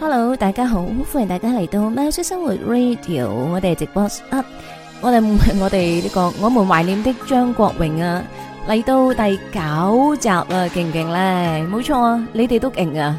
Hello，大家好，歡迎大家嚟到喵式生活 Radio，我哋直播室，我哋唔係我哋呢個，我們懷念的張國榮啊，嚟到第九集啊，勁唔勁咧，冇錯啊，你哋都勁啊。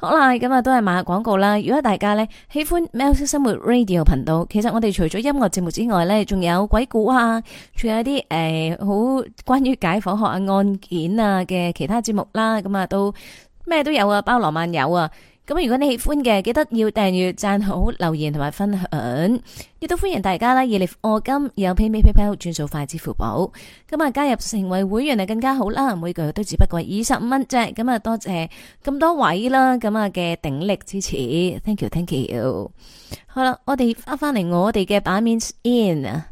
好啦，咁啊都係買下廣告啦。如果大家咧，喜歡《喵式生活 Radio》頻道，其實我哋除咗音樂節目之外咧，仲有鬼故啊，仲有啲誒，好關於解剖學啊、案件啊嘅其他節目啦。咁啊，都咩都有啊，包羅萬有啊。咁如果你喜歡嘅，記得要訂閱、贊好、留言同埋分享。亦都歡迎大家啦！以嚟付我金有 PayMe、PayPal 轉數快、支付寶。咁啊，加入成為會員係更加好啦！每個月都只不過二十五蚊啫。咁啊，多謝咁多位啦！咁啊嘅鼎力支持，thank you，thank you thank you. 好啦，我哋翻翻嚟我哋嘅版面先啊。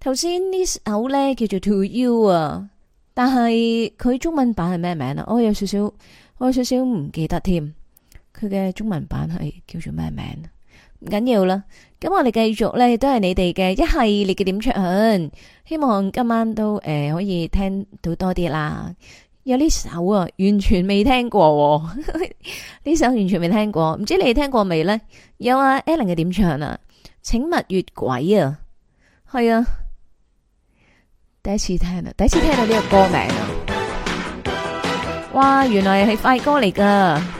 頭先呢首咧叫做《To You》啊，但係佢中文版係咩名啊？我有少少，我有少少唔記得添。佢嘅中文版係叫做咩名？唔緊要啦，咁我哋繼續咧，都係你哋嘅一系列嘅點唱，希望今晚都誒、呃、可以聽到多啲啦。有呢首啊，完全未聽過、啊、 聽過，呢首完全未聽過，唔知你聽過未呢？有啊 Alan 嘅點唱啊，請勿越軌啊，係啊，第一次聽啊，第一次聽到呢個歌名啊，哇，原來係快歌嚟噶。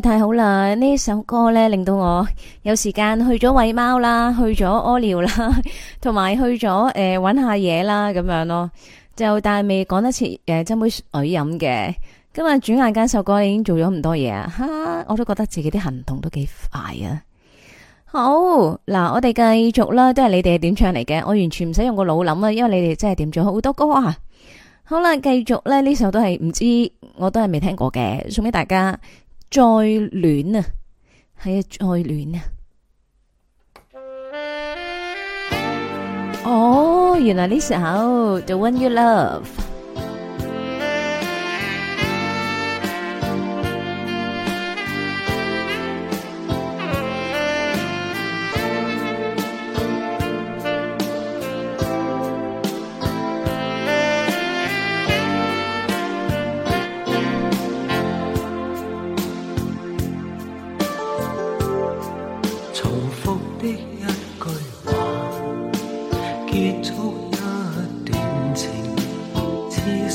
太好啦！呢首歌呢令到我有時間去咗餵貓啦，去咗屙尿啦，同埋去咗誒，搵、呃、下嘢啦，咁樣咯。就但係未講得切誒，斟杯水飲嘅。今日轉眼間，首歌已經做咗咁多嘢啊哈，我都覺得自己啲行動都幾快啊。好嗱，我哋繼續啦，都係你哋點唱嚟嘅。我完全唔使用，用個腦諗啊，因為你哋真係點咗好多歌啊。好啦，繼續呢首都係唔知我都係未聽過嘅，送俾大家。再戀啊，係啊，再戀啊！哦，原來呢首《The One You Love》。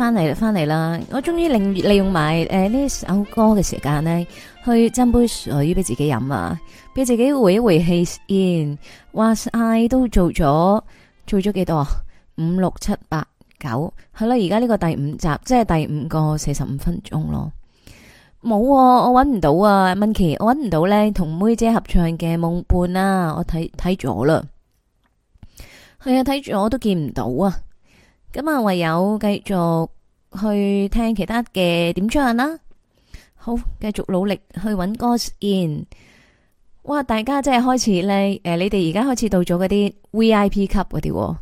翻嚟啦，翻嚟啦！我終於利利用埋誒呢首歌嘅時間呢，去斟杯水俾自己飲啊，俾自己回一回氣先。哇塞，都做咗做咗幾多啊？五六七八九，係啦！而家呢個第五集，即係第五個四十五分鐘咯。冇，啊，我搵唔到啊，Monkey，我搵唔到咧。同妹姐合唱嘅夢伴啊，我睇睇咗啦。係啊，睇住我都見唔到啊。咁啊，唯有繼續去聽其他嘅點唱啦。好，繼續努力去搵歌先。哇，大家即係開始呢，誒、呃，你哋而家開始到咗嗰啲 V.I.P 級嗰啲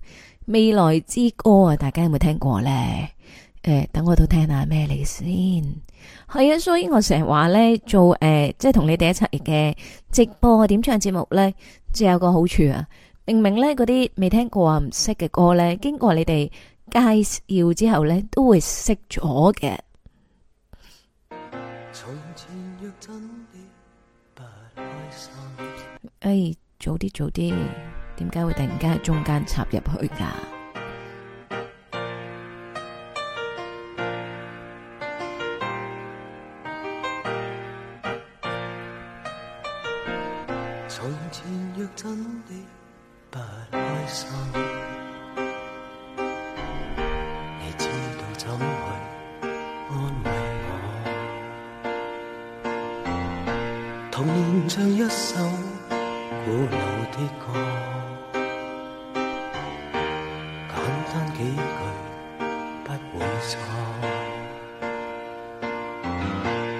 未來之歌啊，大家有冇聽過呢？誒、呃，等我都聽下咩嚟先。係啊，所以我成日話呢，做誒，即係同你哋一齊嘅直播點唱節目呢，即係有個好處啊。明明呢嗰啲未聽過啊、唔識嘅歌呢，經過你哋。介紹之後呢，都會熄咗嘅。哎，早啲早啲，點解會突然間喺中間插入去㗎？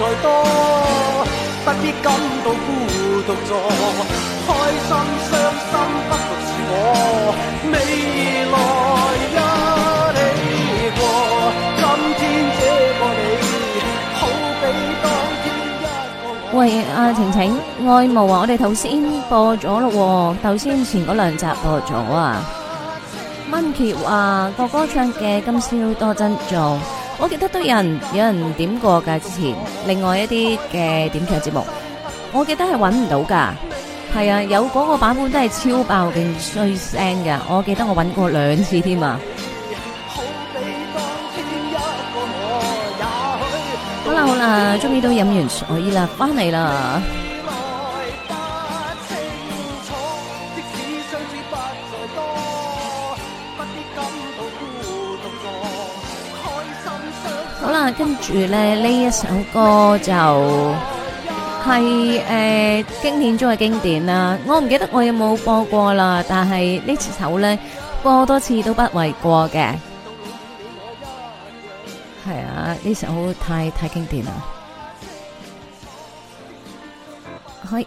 不感到孤獨開心不是我未你今天天好比當，喂，阿、啊、晴晴，愛慕啊，我哋頭先播咗咯、哦，頭先前嗰兩集播咗啊，Monkey 話，哥哥唱嘅《今宵多珍重》。我記得都有人有人點過嘅，之前另外一啲嘅點唱節目，我記得係揾唔到噶，係啊，有嗰個版本都係超爆勁衰聲噶，我記得我揾過兩次添啊！ Hello, 好啦好啦，終於都飲完水啦，翻嚟啦。跟住咧，呢一首歌就係誒經典中嘅經典啦。我唔記得我有冇播過啦，但係呢首咧，播多次都不為過嘅。係啊，呢首太太經典啦。開。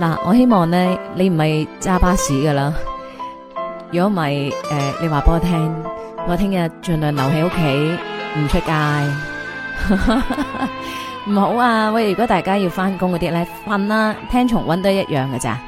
嗱，我希望呢，你唔係揸巴士㗎喇。如果唔係，你話俾我聽，我聽日盡量留喺屋企，唔出街。唔 好啊，喂！如果大家要返工嗰啲呢，瞓啦，聽重溫都是一樣㗎咋。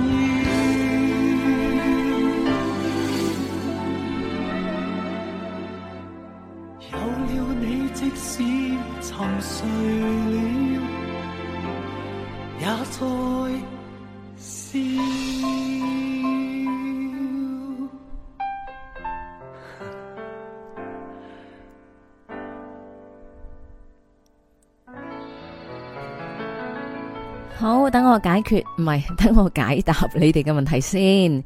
我解決唔係，等我解答你哋嘅問題先。